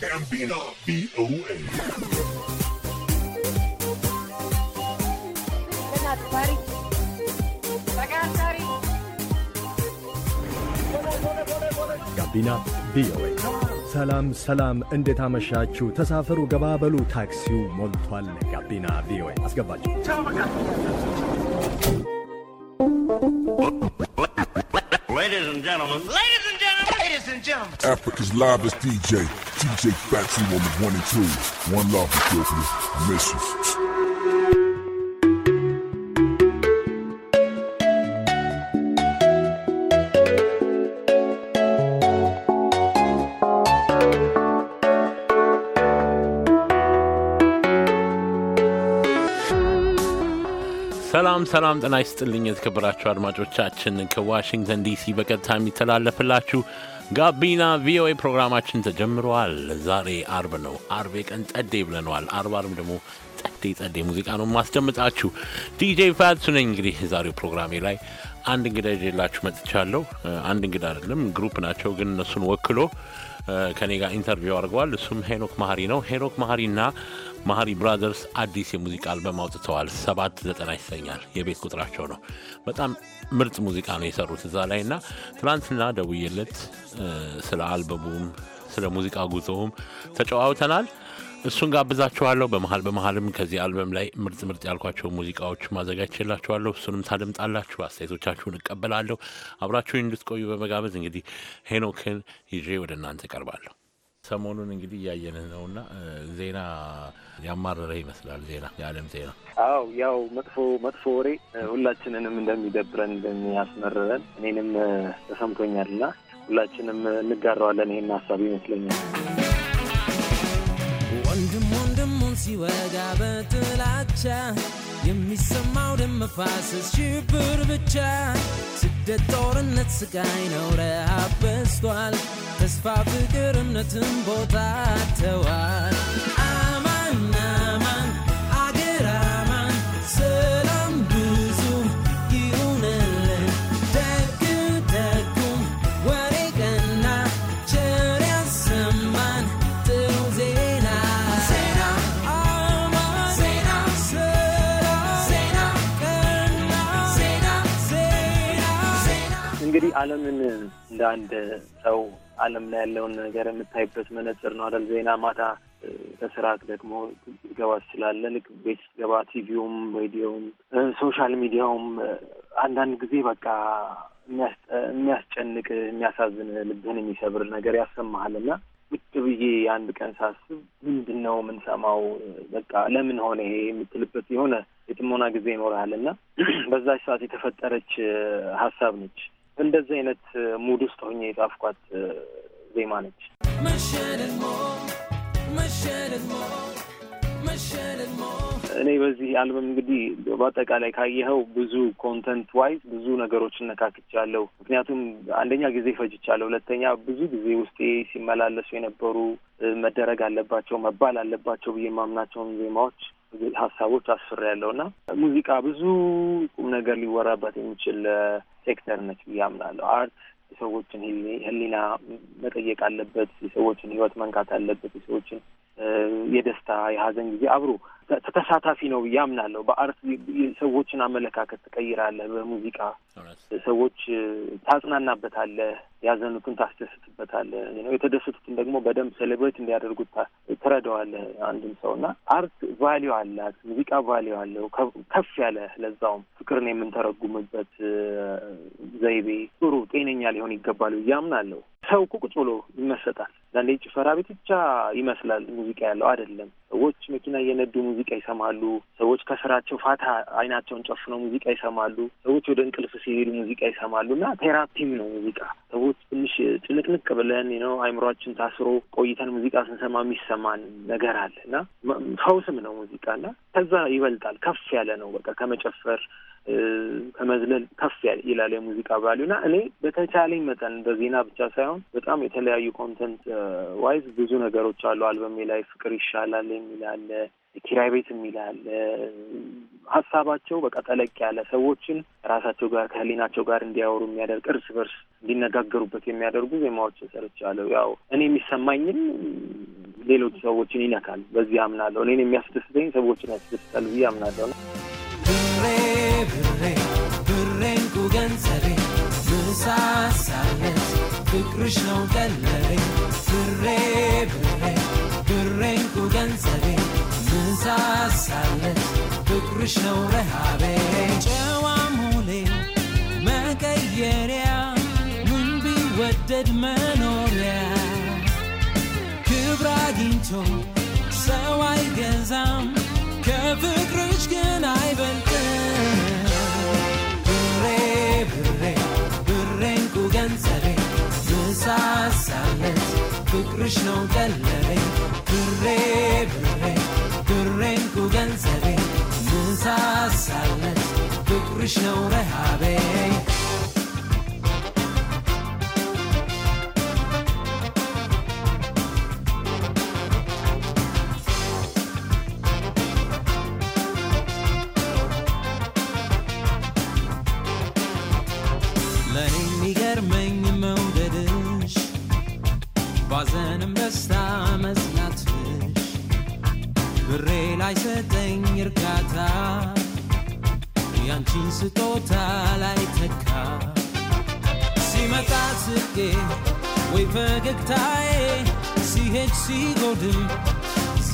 ጋቢና VOA. ጋቢና ቪኦኤ። ሰላም ሰላም፣ እንዴት አመሻችሁ? ተሳፈሩ፣ ገባበሉ፣ ታክሲው ሞልቷል። ጋቢና ቪኦኤ አስገባችሁ። Ladies and gentlemen, ladies and Africa's livest DJ, DJ Fatu the one and two. One love, Ethiopia. I miss you. ሰላም ሰላም፣ ጤና ይስጥልኝ የተከበራችሁ አድማጮቻችን ከዋሽንግተን ዲሲ በቀጥታ የሚተላለፍላችሁ ጋቢና ቪኦኤ ፕሮግራማችን ተጀምረዋል። ዛሬ አርብ ነው። አርብ የቀን ጸዴ ብለነዋል። አርብ አርብ ደግሞ ጸዴ ጸዴ ሙዚቃ ነው ማስደምጣችሁ። ዲጄ ፋቱ ነኝ። እንግዲህ ዛሬ ፕሮግራሜ ላይ አንድ እንግዳ ይዤላችሁ መጥቻለሁ። አንድ እንግዳ አይደለም ግሩፕ ናቸው፣ ግን እነሱን ወክሎ ከኔ ጋር ኢንተርቪው አድርገዋል። እሱም ሄኖክ ማህሪ ነው። ሄኖክ ማህሪና ማሪ ብራዘርስ አዲስ የሙዚቃ አልበም አውጥተዋል። ሰባት ዘጠና ይሰኛል የቤት ቁጥራቸው ነው። በጣም ምርጥ ሙዚቃ ነው የሰሩት እዛ ላይ እና ትናንትና ደውዬለት ስለ አልበሙም ስለ ሙዚቃ ጉዞውም ተጨዋውተናል። እሱን ጋብዛችኋለሁ። በመሀል በመሀልም ከዚህ አልበም ላይ ምርጥ ምርጥ ያልኳቸው ሙዚቃዎች ማዘጋጅቼላችኋለሁ። እሱንም ታደምጣላችሁ። አስተያየቶቻችሁን እቀበላለሁ። አብራችሁን እንድትቆዩ በመጋበዝ እንግዲህ ሄኖክን ይዤ ወደ እናንተ ቀርባለሁ። ሰሞኑን እንግዲህ እያየንህ ነውና ዜና ያማረረ ይመስላል። ዜና የዓለም ዜና አው ያው መጥፎ መጥፎ ወሬ ሁላችንንም እንደሚደብረን እንደሚያስመርረን እኔንም ተሰምቶኛል ና ሁላችንም እንጋራዋለን ይህን ሀሳብ ይመስለኛል። ወንድም ወንድሙን ሲወጋ በጥላቻ የሚሰማው ደም መፋሰስ ሽብር ብቻ ስደት ጦርነት ስቃይ ነው፣ ረሃብ ተስፋ ፍቅር እምነትም ቦታ ተዋል። ዓለምን እንደ አንድ ሰው ዓለም ላይ ያለውን ነገር የምታይበት መነጽር ነው አይደል? ዜና ማታ ከስራ ደግሞ ገባ ትችላለህ። ልክ ቤት ገባ ቲቪውም፣ ሬዲዮም፣ ሶሻል ሚዲያውም አንዳንድ ጊዜ በቃ የሚያስጨንቅ የሚያሳዝን፣ ልብህን የሚሰብር ነገር ያሰማሃል እና ቁጭ ብዬ የአንድ ቀን ሳስብ ምንድን ነው የምንሰማው? በቃ ለምን ሆነ ይሄ የምትልበት የሆነ የጥሞና ጊዜ ይኖርሃል እና በዛች ሰዓት የተፈጠረች ሀሳብ ነች እንደዚህ አይነት ሙድ ውስጥ ሆኜ የጻፍኳት ዜማ ነች። መሸደድሞ መሸደድሞ መሸደድሞ እኔ በዚህ አልበም እንግዲህ በአጠቃላይ ካየኸው ብዙ ኮንተንት ዋይዝ ብዙ ነገሮች እነካክቻለሁ። ምክንያቱም አንደኛ ጊዜ ፈጅቻለሁ፣ ሁለተኛ ብዙ ጊዜ ውስጤ ሲመላለሱ የነበሩ መደረግ አለባቸው መባል አለባቸው ብዬ ማምናቸውን ዜማዎች፣ ሀሳቦች ያለው እና ሙዚቃ ብዙ ቁም ነገር ሊወራበት የሚችል ሴክተር ነች ብዬ አምናለሁ። አርት የሰዎችን ህሊና መጠየቅ አለበት፣ የሰዎችን ህይወት መንካት አለበት፣ የሰዎችን የደስታ የሀዘን ጊዜ አብሮ ተሳታፊ ነው ብዬ አምናለሁ። በአርት ሰዎችን አመለካከት ትቀይራለህ። በሙዚቃ ሰዎች ታጽናናበታለህ፣ ያዘኑትን ታስደስትበታለህ፣ የተደሰቱትን ደግሞ በደንብ ሴሌብሬት እንዲያደርጉት ትረዳዋለህ አንድም ሰው እና አርት ቫሊዩ አላት፣ ሙዚቃ ቫሊዩ አለው ከፍ ያለ ለዛውም ፍቅርን የምንተረጉምበት ዘይቤ ጥሩ ጤነኛ ሊሆን ይገባል ብዬ አምናለሁ። ሰው ቁጭ ብሎ ይመሰጣል። አንዳንዴ ጭፈራ ቤት ብቻ ይመስላል ሙዚቃ ያለው አይደለም። ሰዎች መኪና እየነዱ ሙዚቃ ይሰማሉ። ሰዎች ከስራቸው ፋታ አይናቸውን ጨፍነው ሙዚቃ ይሰማሉ። ሰዎች ወደ እንቅልፍ ሲሄዱ ሙዚቃ ይሰማሉ እና ቴራፒም ነው ሙዚቃ። ሰዎች ትንሽ ጭንቅንቅ ብለን ነው አይምሯችን ታስሮ ቆይተን ሙዚቃ ስንሰማ የሚሰማን ነገር አለ እና ፈውስም ነው ሙዚቃ እና ከዛ ይበልጣል ከፍ ያለ ነው በቃ ከመጨፈር ከመዝለል ከፍ ይላል የሙዚቃ ቫሊዩና እኔ በተቻለኝ መጠን በዜና ብቻ ሳይሆን በጣም የተለያዩ ኮንተንት ዋይዝ uh, ብዙ ነገሮች አሉ። አልበሜ ላይ ፍቅር ይሻላል የሚል አለ፣ ኪራይ ቤት የሚል አለ። ሀሳባቸው በቃ ጠለቅ ያለ ሰዎችን ራሳቸው ጋር ከህሊናቸው ጋር እንዲያወሩ የሚያደርግ እርስ በርስ እንዲነጋገሩበት የሚያደርጉ ዜማዎች ሰርቻለሁ። ያው እኔ የሚሰማኝን ሌሎች ሰዎችን ይነካል፣ በዚህ አምናለሁ። እኔን የሚያስደስተኝ ሰዎችን ያስደስታል ብዬ አምናለሁ ነው ብሬ ብሬን ኩገንዘቤ ምሳሳለች ፍቅርሽ ነው ቀለቤ ብሬ ብሬ ብሬን ኩገንዘቤ ምሳሳነት ፍቅርሽ ነው ረሃቤ ጨዋሙሌ መቀየሪያ ምን ቢወደድ መኖሪያ ክብር አግኝቶ ሰው አይገዛም ከፍቅርሽ ግን አይ krishna kallave durre durre durren ku gansave musa salas tu krishna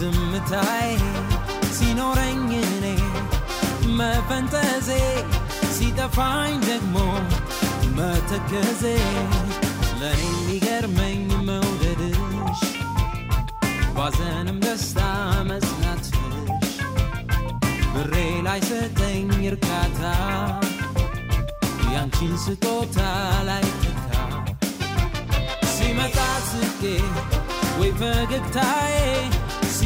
ዝምታይ ሲኖረኝ እኔ መፈንጠዜ ሲጠፋኝ ደግሞ መተከዜ ለእኔ የሚገርመኝ መውደድሽ ባዘንም ደስታ መጽናትሽ ብሬ ላይ ሰጠኝ እርካታ ያንቺን ስጦታ ላይ ተካ ሲመጣ ስቄ ወይ ፈገግታዬ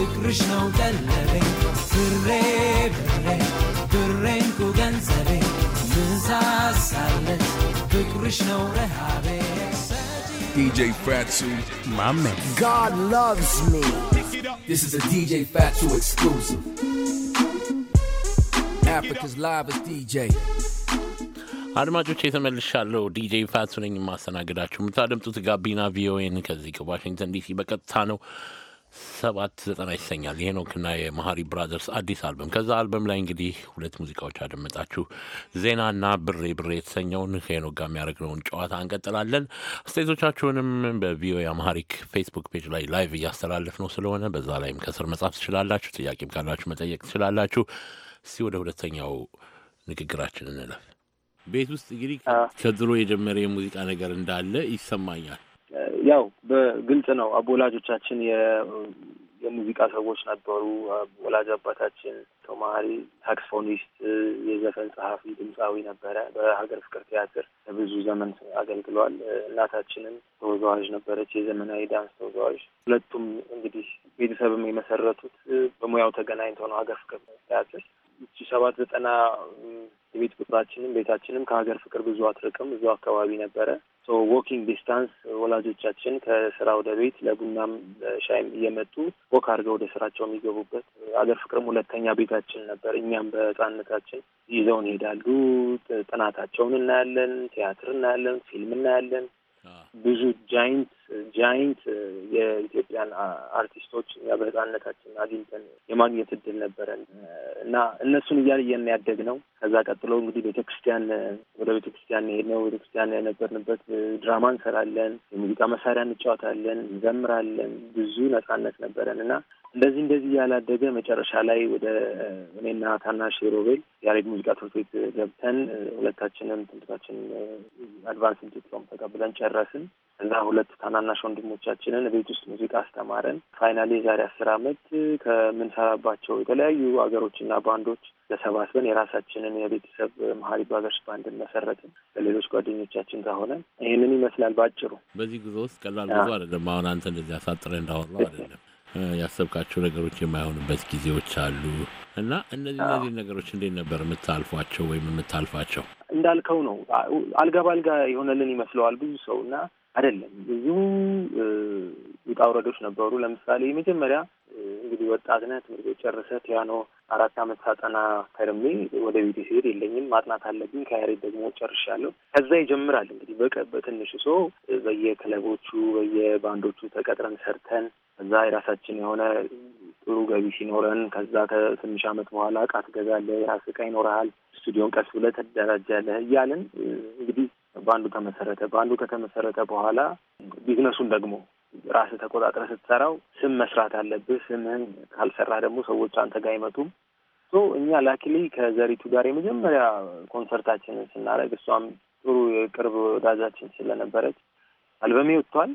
DJ Fatsu, my man. God loves me. This is a DJ Fatsu exclusive. Africa's is DJ. አድማጮች የተመልሻለሁ። ዲጄ ፋቱ ነኝ የማስተናግዳችሁ። የምታደምጡት ጋቢና ቪኦኤን ከዚህ ከዋሽንግተን ዲሲ በቀጥታ ነው። ሰባት ዘጠና ይሰኛል የሄኖክና የመሀሪ ብራዘርስ አዲስ አልበም። ከዛ አልበም ላይ እንግዲህ ሁለት ሙዚቃዎች አደመጣችሁ። ዜናና ብሬ ብሬ የተሰኘውን ሄኖጋ ጋር የሚያደርግነውን ጨዋታ እንቀጥላለን። አስተያየቶቻችሁንም በቪኦኤ አማሪክ ፌስቡክ ፔጅ ላይ ላይቭ እያስተላለፍ ነው ስለሆነ በዛ ላይም ከስር መጻፍ ትችላላችሁ። ጥያቄም ካላችሁ መጠየቅ ትችላላችሁ። እስቲ ወደ ሁለተኛው ንግግራችን እንለፍ። ቤት ውስጥ እንግዲህ ከድሮ የጀመረ የሙዚቃ ነገር እንዳለ ይሰማኛል ያው በግልጽ ነው። አቦላጆቻችን የሙዚቃ ሰዎች ነበሩ። ወላጅ አባታችን ተማሪ ሳክስፎኒስት፣ የዘፈን ጸሐፊ፣ ድምፃዊ ነበረ። በሀገር ፍቅር ቲያትር ብዙ ዘመን አገልግሏል። እናታችንም ተወዛዋዥ ነበረች፣ የዘመናዊ ዳንስ ተወዛዋዥ። ሁለቱም እንግዲህ ቤተሰብም የመሰረቱት በሙያው ተገናኝተው ነው። ሀገር ፍቅር ቲያትር እቺ ሰባት ዘጠና የቤት ቁጥራችንም ቤታችንም ከሀገር ፍቅር ብዙ አትርቅም፣ ብዙ አካባቢ ነበረ። ዎኪንግ ዲስታንስ ወላጆቻችን ከስራ ወደ ቤት ለቡናም ሻይም እየመጡ ወክ አድርገው ወደ ስራቸው የሚገቡበት አገር ፍቅርም ሁለተኛ ቤታችን ነበር። እኛም በህጻንነታችን ይዘው ይሄዳሉ። ጥናታቸውን እናያለን፣ ቲያትር እናያለን፣ ፊልም እናያለን። ብዙ ጃይንት ጃይንት የኢትዮጵያን አርቲስቶች እኛ በህፃንነታችን አግኝተን የማግኘት እድል ነበረን እና እነሱን እያየን ያደግ ነው። ከዛ ቀጥሎ እንግዲህ ቤተክርስቲያን ወደ ቤተክርስቲያን ሄድ ነው። ቤተክርስቲያን የነበርንበት ድራማ እንሰራለን፣ የሙዚቃ መሳሪያ እንጫወታለን፣ እንዘምራለን። ብዙ ነጻነት ነበረን እና እንደዚህ እንደዚህ ያላደገ መጨረሻ ላይ ወደ እኔና ታናሽ ሮቤል ያሬድ ሙዚቃ ትምህርት ቤት ገብተን ሁለታችንም ትምህርታችን አድቫንስ ዲፕሎም ተቀብለን ጨረስን። እና ሁለት ታናናሽ ወንድሞቻችንን ቤት ውስጥ ሙዚቃ አስተማረን። ፋይናሊ የዛሬ አስር አመት ከምንሰራባቸው የተለያዩ ሀገሮችና ባንዶች ተሰባስበን የራሳችንን የቤተሰብ መሀሪ ባገርስ ባንድን መሰረትን በሌሎች ጓደኞቻችን ጋር ሆነን ይህንን ይመስላል በአጭሩ። በዚህ ጉዞ ውስጥ ቀላል ጉዞ አይደለም። አሁን አንተ እንደዚህ አሳጥረ እንዳወራው አይደለም። ያሰብካቸው ነገሮች የማይሆንበት ጊዜዎች አሉ እና እነዚህ እነዚህ ነገሮች እንዴት ነበር የምታልፏቸው ወይም የምታልፋቸው? እንዳልከው ነው። አልጋ ባልጋ የሆነልን ይመስለዋል ብዙ ሰው እና አይደለም። ብዙ ውጣ ውረዶች ነበሩ። ለምሳሌ መጀመሪያ እንግዲህ ወጣትነት ትምህርት ቤት ጨርሰህ ፒያኖ አራት ዓመት ሳጠና ከርሜ ወደ ቤት ሲሄድ የለኝም ማጥናት አለብኝ። ከያሬድ ደግሞ ጨርሻለሁ። ከዛ ይጀምራል እንግዲህ በቀ በትንሹ ሰው በየክለቦቹ በየባንዶቹ ተቀጥረን ሰርተን እዛ የራሳችን የሆነ ጥሩ ገቢ ሲኖረን ከዛ ከትንሽ ዓመት በኋላ እቃ ትገዛለህ፣ የራስህ እቃ ይኖረሃል፣ ስቱዲዮን ቀስ ብለህ ተደራጃለህ እያልን እንግዲህ በአንዱ ተመሰረተ። በአንዱ ከተመሰረተ በኋላ ቢዝነሱን ደግሞ ራስ ተቆጣጥረ ስትሰራው ስም መስራት አለብህ። ስምህን ካልሰራህ ደግሞ ሰዎች አንተ ጋር አይመጡም። ሶ እኛ ላኪሊ ከዘሪቱ ጋር የመጀመሪያ ኮንሰርታችንን ስናደርግ እሷም ጥሩ የቅርብ ወዳጃችን ስለነበረች አልበሜ ወጥቷል፣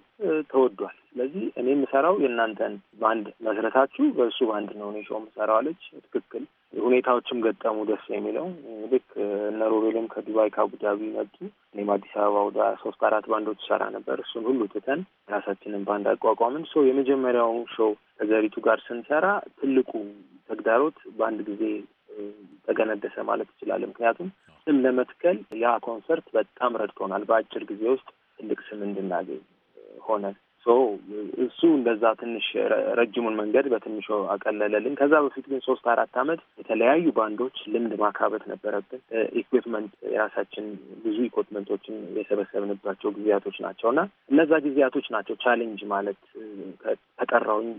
ተወዷል። ስለዚህ እኔ የምሰራው የእናንተን ባንድ መስረታችሁ በእሱ ባንድ ነው እኔ ሾው የምሰራው አለች። ትክክል ሁኔታዎችም ገጠሙ። ደስ የሚለው ልክ እነ ሮቤልም ከዱባይ ከአቡዳቢ መጡ። እኔም አዲስ አበባ ወደ ሶስት አራት ባንዶች ሰራ ነበር። እሱን ሁሉ ትተን ራሳችንን ባንድ አቋቋምን። ሶ የመጀመሪያው ሾው ከዘሪቱ ጋር ስንሰራ ትልቁ ተግዳሮት በአንድ ጊዜ ተገነደሰ ማለት ይችላል። ምክንያቱም ስም ለመትከል ያ ኮንሰርት በጣም ረድቶናል። በአጭር ጊዜ ውስጥ ትልቅ ስም እንድናገኝ ሆነን እሱ እንደዛ ትንሽ ረጅሙን መንገድ በትንሹ አቀለለልን። ከዛ በፊት ግን ሶስት አራት አመት የተለያዩ ባንዶች ልምድ ማካበት ነበረብን። ኢኩፕመንት የራሳችን ብዙ ኢኩፕመንቶችን የሰበሰብንባቸው ጊዜያቶች ናቸው እና እነዛ ጊዜያቶች ናቸው ቻሌንጅ ማለት ተጠራውኝ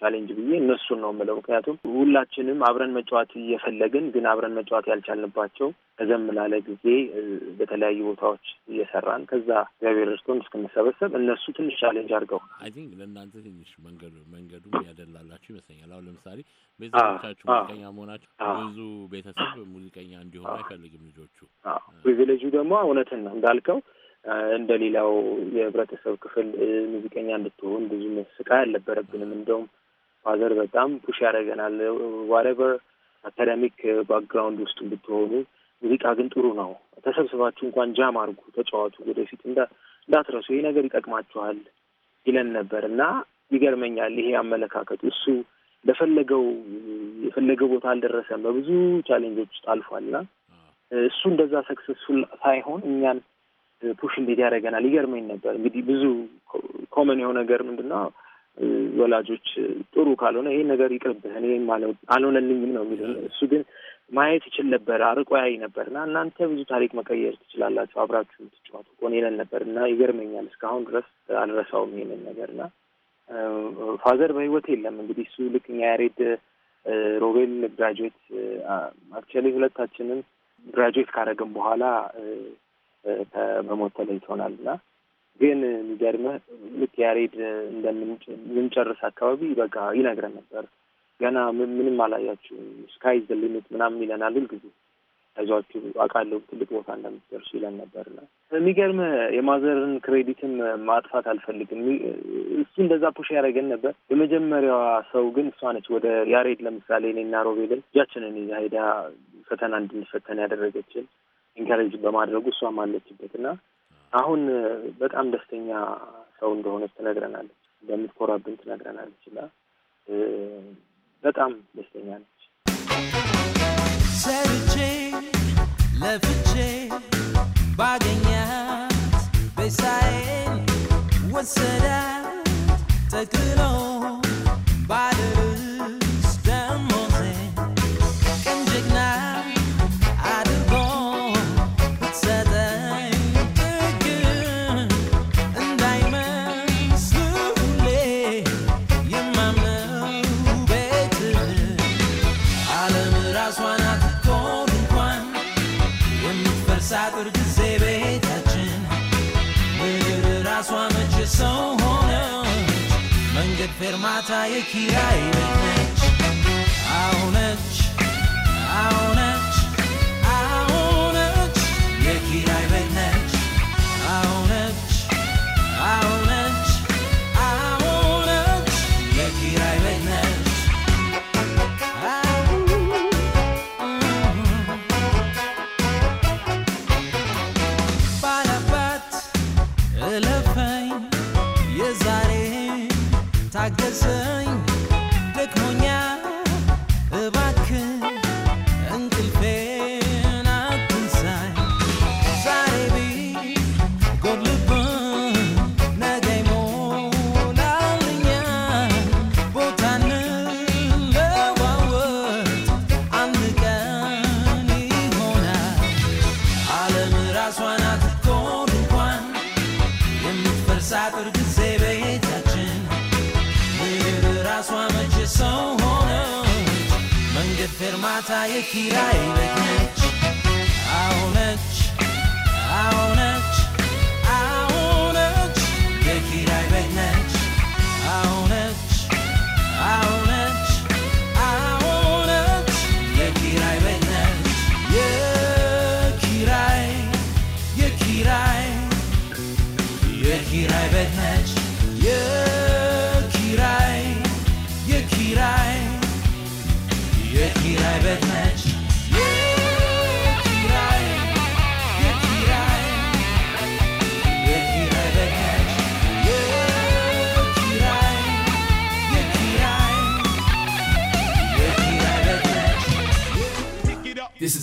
ቻሌንጅ ብዬ እነሱን ነው የምለው። ምክንያቱም ሁላችንም አብረን መጫወት እየፈለግን ግን አብረን መጫወት ያልቻልንባቸው ከዘም ላለ ጊዜ በተለያዩ ቦታዎች እየሰራን ከዛ እግዚአብሔር እርስቶን እስክንሰበሰብ እነሱ ትንሽ ቻሌንጅ አድርገ የምፈልገው። አይ ቲንክ ለእናንተ ትንሽ መንገዱ መንገዱ ያደላላችሁ ይመስለኛል። አሁን ለምሳሌ ቤተሰቦቻችሁ ሙዚቀኛ መሆናቸው ብዙ ቤተሰብ ሙዚቀኛ እንዲሆኑ አይፈልግም ልጆቹ። ፕሪቪሌጁ ደግሞ እውነትን ነው እንዳልከው እንደ ሌላው የህብረተሰብ ክፍል ሙዚቀኛ እንድትሆን ብዙ ስቃይ አልነበረብንም። እንደውም ፋዘር በጣም ፑሽ ያደረገናል። ዋትኤቨር አካዳሚክ ባክግራውንድ ውስጥ እንድትሆኑ ሙዚቃ ግን ጥሩ ነው፣ ተሰብስባችሁ እንኳን ጃም አድርጉ፣ ተጫዋቱ፣ ወደፊት እንዳትረሱ፣ ይሄ ነገር ይጠቅማችኋል ይለን ነበር እና ይገርመኛል ይሄ አመለካከቱ እሱ ለፈለገው የፈለገ ቦታ አልደረሰም። በብዙ ቻሌንጆች ውስጥ አልፏል እና እሱ እንደዛ ሰክሰስፉል ሳይሆን እኛን ፑሽ እንዴት ያደረገናል ይገርመኝ ነበር። እንግዲህ ብዙ ኮመን የሆነ ነገር ምንድና ወላጆች ጥሩ ካልሆነ ይሄ ነገር ይቅርብህ እኔ አልሆነልኝም ነው የሚለው። እሱ ግን ማየት ይችል ነበር፣ አርቆ ያይ ነበር እና እናንተ ብዙ ታሪክ መቀየር ትችላላችሁ አብራችሁ ትጫወቱ እኮ ይለን ነበር እና ይገርመኛል። እስካሁን ድረስ አልረሳውም ይሄንን ነገር እና ፋዘር በህይወት የለም እንግዲህ እሱ ልክ እኛ ያሬድ ሮቤል ግራጁዌት አክቹዋሊ ሁለታችንም ግራጁዌት ካደረግን በኋላ በሞት ተለይቶናል እና ግን የሚገርምህ ልክ ያሬድ እንደምንጨርስ አካባቢ በቃ ይነግረን ነበር ገና ምንም አላያችሁም ስካይ ዘ ሊሚት ምናምን ይለናል ሁልጊዜ አይዟችሁ አውቃለሁ ትልቅ ቦታ እንደምትደርሱ ይለን ነበርና የሚገርም የማዘርን ክሬዲትም ማጥፋት አልፈልግም። እሱ እንደዛ ፑሽ ያደረገን ነበር። የመጀመሪያዋ ሰው ግን እሷ ነች። ወደ ያሬድ ለምሳሌ እኔና ሮቤልን እጃችንን ሀይዳ ሄዳ ፈተና እንድንፈተን ያደረገችን ኢንካሬጅ በማድረጉ እሷም አለችበት እና አሁን በጣም ደስተኛ ሰው እንደሆነች ትነግረናለች፣ እንደምትኮራብን ትነግረናለች እና በጣም ደስተኛ ነች።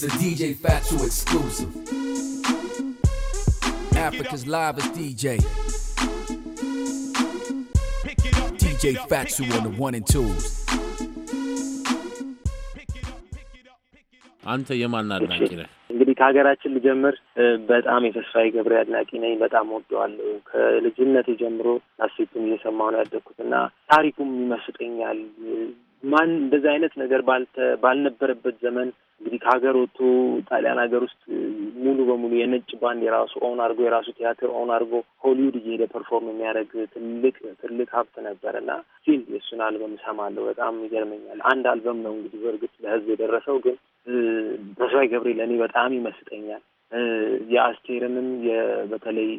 a DJ Fatu exclusive. Africa's live is DJ. DJ Fatu on the one and twos. አንተ የማን አድናቂ ነህ? እንግዲህ ከሀገራችን ልጀምር። በጣም የተስፋዬ ገብረ አድናቂ ነኝ። በጣም ወደዋለሁ። ከልጅነት ጀምሮ ናስቱን እየሰማሁ ነው ያደግኩት እና ታሪኩም ይመስጠኛል ማን እንደዚህ አይነት ነገር ባልተ ባልነበረበት ዘመን እንግዲህ ከሀገር ወጥቶ ጣሊያን ሀገር ውስጥ ሙሉ በሙሉ የነጭ ባንድ የራሱ ኦን አድርጎ የራሱ ቲያትር ኦን አድርጎ ሆሊውድ እየሄደ ፐርፎርም የሚያደርግ ትልቅ ትልቅ ሀብት ነበር እና ሲል የእሱን አልበም እሰማለሁ። በጣም ይገርመኛል። አንድ አልበም ነው እንግዲህ በእርግጥ ለህዝብ የደረሰው ግን ተስፋዬ ገብሬ ለእኔ በጣም ይመስጠኛል። የአስቴርንም በተለይ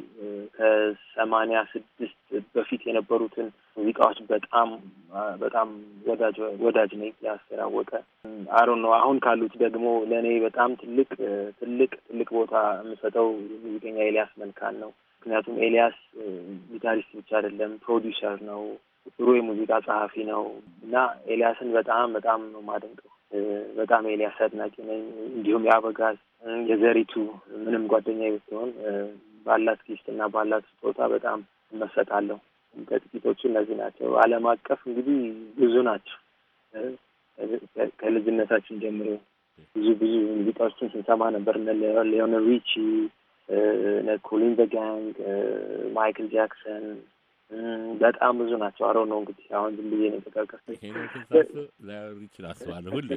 ከሰማንያ ስድስት በፊት የነበሩትን ሙዚቃዎች በጣም በጣም ወዳጅ ወዳጅ ነኝ የአስቴር አወቀ አሮን ነው። አሁን ካሉት ደግሞ ለእኔ በጣም ትልቅ ትልቅ ትልቅ ቦታ የምሰጠው ሙዚቀኛ ኤልያስ መልካን ነው። ምክንያቱም ኤልያስ ጊታሪስት ብቻ አይደለም፣ ፕሮዲውሰር ነው፣ ጥሩ የሙዚቃ ጸሐፊ ነው እና ኤልያስን በጣም በጣም ነው ማደንቀው። በጣም ኤልያስ አድናቂ ነኝ። እንዲሁም የአበጋዝ የዘሪቱ ምንም ጓደኛ ብትሆን ባላት ጊፍት እና ባላት ስጦታ በጣም እመሰጣለሁ። ከጥቂቶቹ እነዚህ ናቸው። ዓለም አቀፍ እንግዲህ ብዙ ናቸው። ከልጅነታችን ጀምሮ ብዙ ብዙ ሙዚቃዎችን ስንሰማ ነበር። ሊዮነ ሪቺ፣ ኮሊን ዘ ጋንግ፣ ማይክል ጃክሰን በጣም ብዙ ናቸው። አረው ነው እንግዲህ አሁን ዝም ብዬ ነው ተቃቀስ ይችል ይችላል አስባለሁ ሁሌ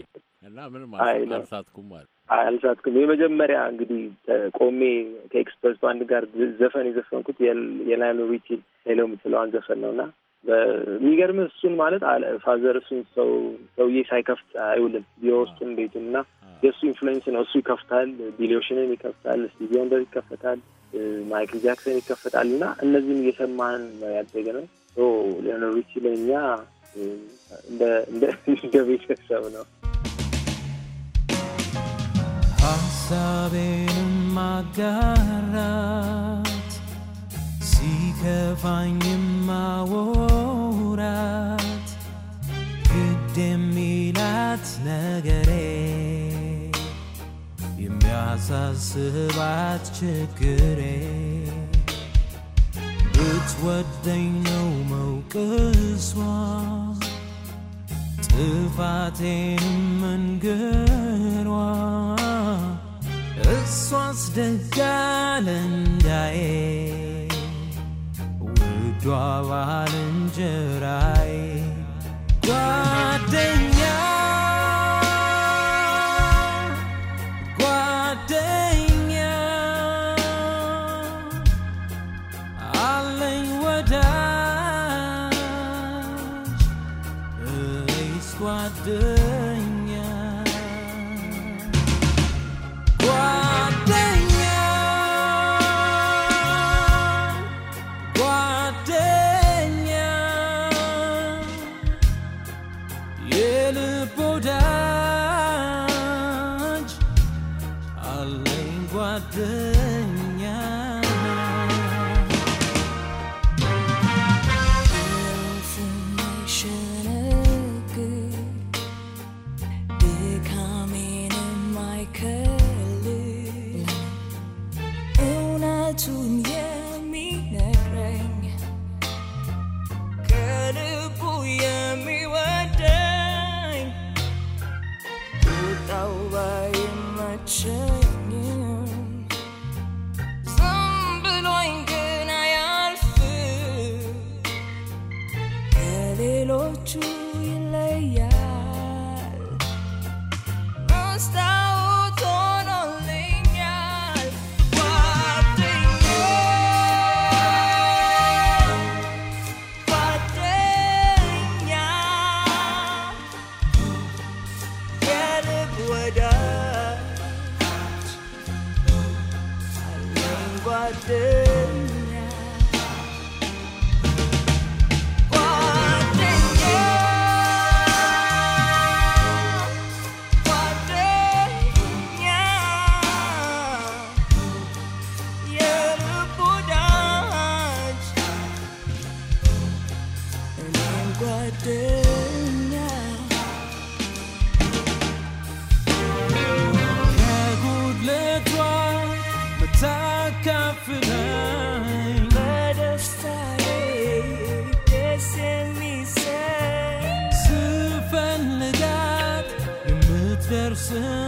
እና ምንም አልሳትኩም ማለት አልሳትኩም። የመጀመሪያ እንግዲህ ቆሜ ከኤክስፐርቱ አንድ ጋር ዘፈን የዘፈንኩት የላይሎ ሪቺ ሄሎ የምትለዋን ዘፈን ነው እና የሚገርም እሱን ማለት ፋዘር እሱን ሰው ሰውዬ ሳይከፍት አይውልም። ቢሮውስጡን ቤቱን እና የእሱ ኢንፍሉዌንስ ነው። እሱ ይከፍታል፣ ቢሊዮሽንን ይከፍታል፣ ስቲቪ ወንበር ይከፈታል ማይክል ጃክሰን ይከፈታል እና እነዚህም እየሰማን ነው ያደገ ነው። ሊዮኖሪች ለኛ እንደ ቤተሰብ ነው። ሀሳቤንም ማጋራት ሲከፋኝም ማወራት ግድ የሚላት ነገር ያሳስባት ችግሬ ብትወደኝ ነው መውቅሷ ጥፋቴን መንገሯ እሷስ ደጋለ እንዳዬ ውዷ ባልንጀራዬ ጓደኛ after true. listen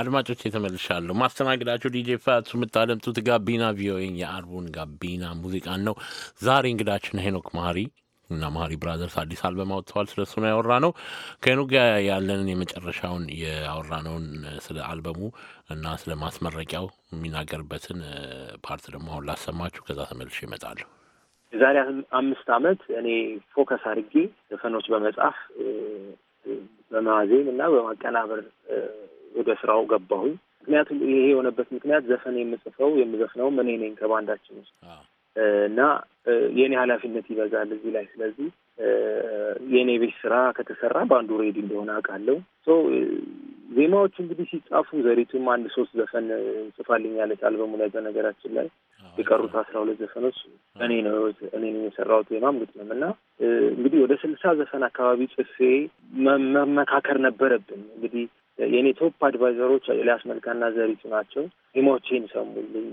አድማጮች የተመልሻለሁ። ማስተናገዳቸው ዲጄ ፋያሱ የምታደምጡት ጋቢና ቪኦኤን የአርቡን ጋቢና ሙዚቃን ነው። ዛሬ እንግዳችን ሄኖክ ማሪ እና ማሪ ብራዘርስ አዲስ አልበም አውጥተዋል። ስለ እሱ ነው ያወራ ነው። ከሄኖክ ጋር ያለንን የመጨረሻውን ያወራ ነውን ስለ አልበሙ እና ስለ ማስመረቂያው የሚናገርበትን ፓርት ደግሞ አሁን ላሰማችሁ። ከዛ ተመልሼ እመጣለሁ። የዛሬ አምስት ዓመት እኔ ፎከስ አድርጌ ዘፈኖች በመጻፍ በማዜም እና በማቀናበር ወደ ስራው ገባሁኝ። ምክንያቱም ይሄ የሆነበት ምክንያት ዘፈን የምጽፈው የምዘፍነው እኔ ነኝ ከባንዳችን ውስጥ እና የእኔ ኃላፊነት ይበዛል እዚህ ላይ። ስለዚህ የእኔ ቤት ስራ ከተሰራ በአንዱ ሬዲ እንደሆነ አውቃለሁ። ዜማዎች እንግዲህ ሲጻፉ ዘሪቱም አንድ ሶስት ዘፈን ጽፋልኛለች አልበሙ ላይ በነገራችን ላይ የቀሩት አስራ ሁለት ዘፈኖች እኔ ነው እኔ ነው የሰራሁት ዜማም ግጥምም እና እንግዲህ ወደ ስልሳ ዘፈን አካባቢ ጽፌ መመካከር ነበረብን እንግዲህ የኔ ቶፕ አድቫይዘሮች ኤልያስ መልካና ዘሪቱ ናቸው። ዜማዎቼን ሰሙልኝ።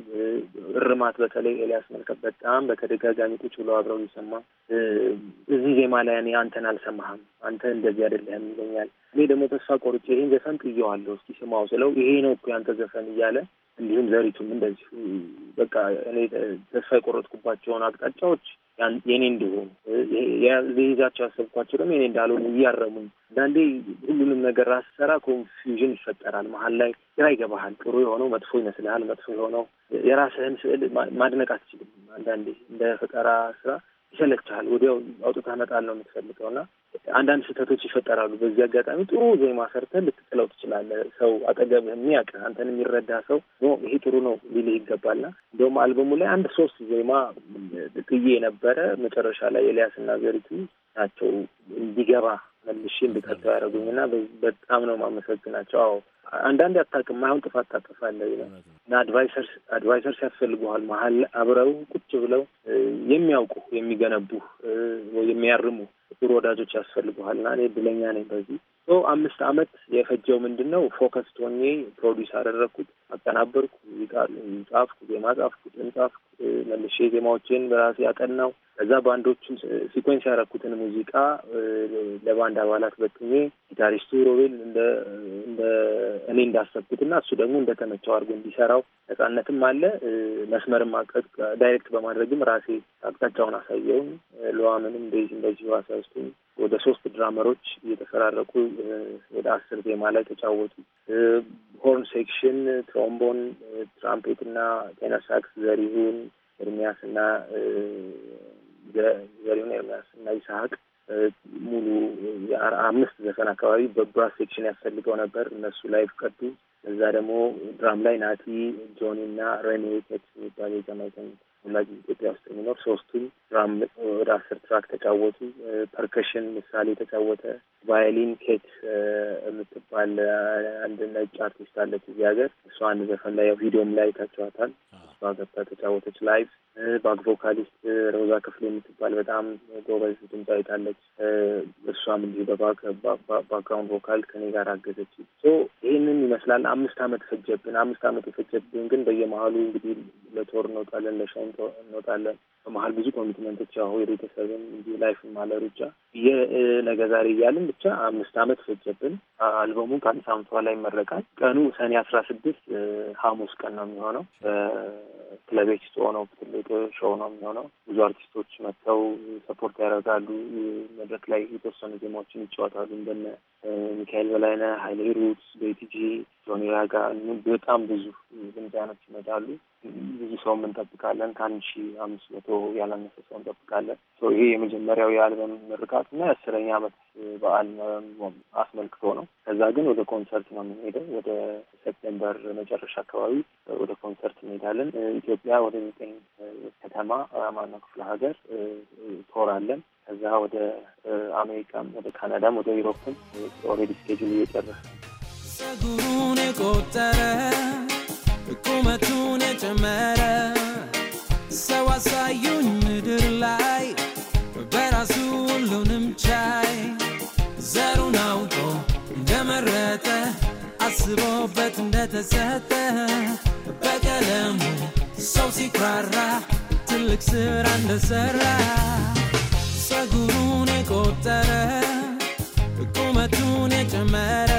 እርማት በተለይ ኤልያስ መልካ በጣም በተደጋጋሚ ቁጭ ብሎ አብረው ይሰማ። እዚህ ዜማ ላይ እኔ አንተን አልሰማህም፣ አንተ እንደዚህ አይደለህም ይለኛል። እኔ ደግሞ ተስፋ ቆርጬ ይህን ዘፈን ጥየዋለሁ እስኪ ስማው ስለው ይሄ ነው እኮ ያንተ ዘፈን እያለ እንዲሁም ዘሪቱም እንደዚሁ በቃ እኔ ተስፋ የቆረጥኩባቸውን አቅጣጫዎች የኔ እንዲሆን ይዛቸው ያሰብኳቸው ደግሞ የኔ እንዳልሆኑ እያረሙኝ አንዳንዴ ሁሉንም ነገር ራስ ሰራ ኮንፊውዥን ይፈጠራል። መሀል ላይ ግራ ይገባሃል። ጥሩ የሆነው መጥፎ ይመስልሃል። መጥፎ የሆነው የራስህን ስዕል ማድነቅ አትችልም። አንዳንዴ እንደ ፈጠራ ስራ ይሰለችሃል፣ ወዲያው አውጥታ መጣል ነው የምትፈልገው እና አንዳንድ ስህተቶች ይፈጠራሉ። በዚህ አጋጣሚ ጥሩ ዜማ ሰርተህ ልትጥለው ትችላለህ። ሰው አጠገብህ የሚያውቅህ አንተን የሚረዳ ሰው ይሄ ጥሩ ነው ሊልህ ይገባልና እንደውም አልበሙ ላይ አንድ ሶስት ዜማ ብዬ የነበረ መጨረሻ ላይ ኤልያስና ዘሪቱ ናቸው እንዲገባ መልሼ እንድቀጥለው ያደረጉኝና በጣም ነው ማመሰግናቸው። አዎ አንዳንድ አታውቅም። አሁን ጥፋት ታጠፋለ ይላል እና አድቫይሰር አድቫይሰርስ ያስፈልጉሃል መሀል አብረው ቁጭ ብለው የሚያውቁ የሚገነቡ ወይ የሚያርሙ ጥሩ ወዳጆች ያስፈልጉሃል እና እኔ እድለኛ ነኝ በዚህ አምስት አመት የፈጀው ምንድን ነው ፎከስ ሆኜ ፕሮዲስ አደረግኩት፣ አቀናበርኩ፣ ጻፍኩ፣ ዜማ ጻፍኩ፣ ጥን ጻፍኩ፣ መልሼ ዜማዎችን በራሴ ያጠናው ከዛ ባንዶችን ሲኮንስ ያረኩትን ሙዚቃ ለባንድ አባላት በትኜ ጊታሪስቱ ሮቤል እንደ እኔ እንዳሰብኩት እና እሱ ደግሞ እንደተመቸው አድርጎ እንዲሰራው ነጻነትም አለ። መስመርም ማቀጥ ዳይሬክት በማድረግም ራሴ አቅጣጫውን አሳየውም። ለዋምንም እንደዚሁ አሳያስኩኝ። ወደ ሶስት ድራመሮች እየተፈራረቁ ወደ አስር ዜማ ላይ ተጫወቱ። ሆርን ሴክሽን፣ ትሮምቦን፣ ትራምፔት እና ቴነር ሳክስ ዘሪሁን፣ እርሚያስ እና ዘሪሁን ኤርሚያስ እና ይስሀቅ ሙሉ አምስት ዘፈን አካባቢ በብራስ ሴክሽን ያስፈልገው ነበር። እነሱ ላይቭ ቀዱ። እዛ ደግሞ ድራም ላይ ናቲ ጆኒ እና ሬኒ ቴክስ የሚባል የጃማይካን ተወላጅ ኢትዮጵያ ውስጥ የሚኖር ሶስቱም ድራም ወደ አስር ትራክ ተጫወቱ። ፐርከሽን ምሳሌ ተጫወተ። ቫዮሊን ኬት የምትባል አንድ ነጭ አርቲስት አለች እዚህ ሀገር። እሷ አንድ ዘፈን ላይ ቪዲዮም ላይ ታችኋታል። እሷ ገብታ ተጫወተች ላይቭ። ባክ ቮካሊስት ሮዛ ክፍሌ የምትባል በጣም ጎበዝ ድምጻዊት አለች። እሷም እንዲህ በባክግራውንድ ቮካል ከኔ ጋር አገዘች። ይህንን ይመስላል። አምስት አመት ፈጀብን። አምስት አመት የፈጀብን ግን በየመሀሉ እንግዲህ ለቶር እንወጣለን፣ ለሻይ እንወጣለን። በመሀል ብዙ ኮሚትመንቶች ያው የቤተሰብም እንዲህ ላይፍ አለ ሩጫ ነገ ዛሬ እያልን ብቻ አምስት አመት ፈጀብን። አልበሙ ከአዲስ አመት በኋላ ይመረቃል። ቀኑ ሰኔ አስራ ስድስት ሐሙስ ቀን ነው የሚሆነው። ክለቤች ጽ ነው ትልቅ ሾው ነው የሚሆነው። ብዙ አርቲስቶች መጥተው ሰፖርት ያደርጋሉ። መድረክ ላይ የተወሰኑ ዜማዎችን ይጫወታሉ። እንደነ ሚካኤል በላይነ፣ ሀይሌ ሩት፣ ቤቲጂ፣ ጆኒ ራጋ በጣም ብዙ ድምፃውያን ይመጣሉ። ብዙ ሰውም እንጠብቃለን። ከአንድ ሺ አምስት መቶ ያላነሰ ሰው እንጠብቃለን። ይሄ የመጀመሪያው የአልበም ምርቃት እና የአስረኛ ዓመት በዓል አስመልክቶ ነው። ከዛ ግን ወደ ኮንሰርት ነው የምንሄደው። ወደ ሴፕቴምበር መጨረሻ አካባቢ ወደ ኮንሰርት እንሄዳለን። ኢትዮጵያ ወደ ዘጠኝ ከተማ ማነው ክፍለ ሀገር ቶራለን። ከዛ ወደ አሜሪካም፣ ወደ ካናዳም፣ ወደ ዩሮፕም ኦልሬዲ ስኬጁል እየጨረሰ ጸጉሩን የቆጠረ ቁመቱን የጨመረ ሰው አሳዩኝ ምድር ላይ በራሱ ሁሉንም ቻይ ዘሩን አውቆ እንደመረጠ አስቦበት እንደተሰጠ በቀለሙ ሰው ሲኩራራ ትልቅ ስራ እንደሰራ ጸጉሩን የቆጠረ ቁመቱን የጨመረ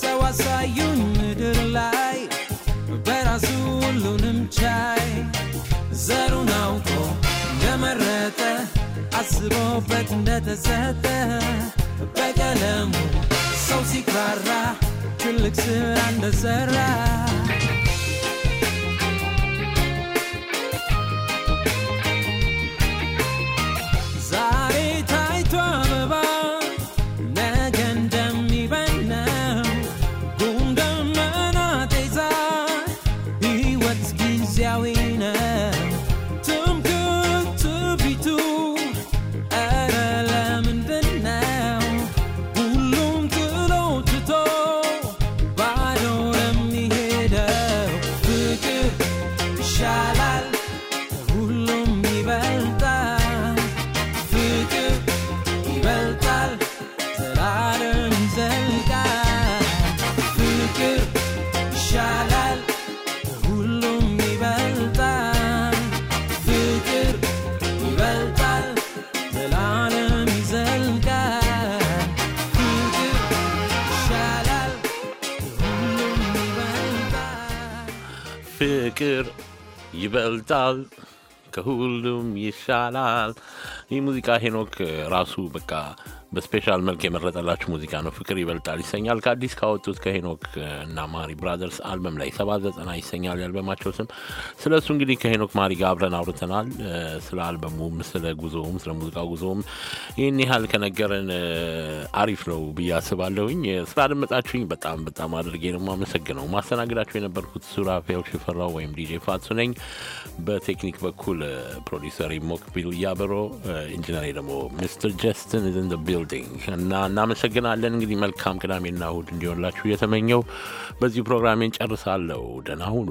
ሰው አሳዩኝ ምድር ላይ ራሱ ሁሉንም ቻይ ዘሩን አውቆ እንደመረጠ አስቦበት እንደተሰጠ በቀለሙ ሰው ሲኩራራ ትልቅ ስራ እንደሰራ allt. ከሁሉም ይሻላል። ይህ ሙዚቃ ሄኖክ ራሱ በቃ በስፔሻል መልክ የመረጠላችሁ ሙዚቃ ነው። ፍቅር ይበልጣል ይሰኛል። ከአዲስ ካወጡት ከሄኖክ እና ማሪ ብራዘርስ አልበም ላይ ሰባ ዘጠና ይሰኛል ያልበማቸው ስም። ስለ እሱ እንግዲህ ከሄኖክ ማሪ ጋር አብረን አውርተናል። ስለ አልበሙም፣ ስለ ጉዞውም፣ ስለ ሙዚቃ ጉዞውም ይህን ያህል ከነገረን አሪፍ ነው ብዬ አስባለሁኝ። ስላደመጣችሁኝ በጣም በጣም አድርጌ ነው የማመሰግነው። ማስተናግዳችሁ የነበርኩት ሱራፌል ሽፈራው ወይም ዲጄ ፋሱ ነኝ። በቴክኒክ በኩል ፕሮዲሰር ሞክቢል እያበሮ ኢንጂነሪ ደግሞ ሚስተር ጀስትን ዝን ቢልዲንግ እና እናመሰግናለን። እንግዲህ መልካም ቅዳሜና እሁድ እንዲሆንላችሁ እየተመኘው በዚህ ፕሮግራሜን ጨርሳለሁ። ደህና ሁኑ።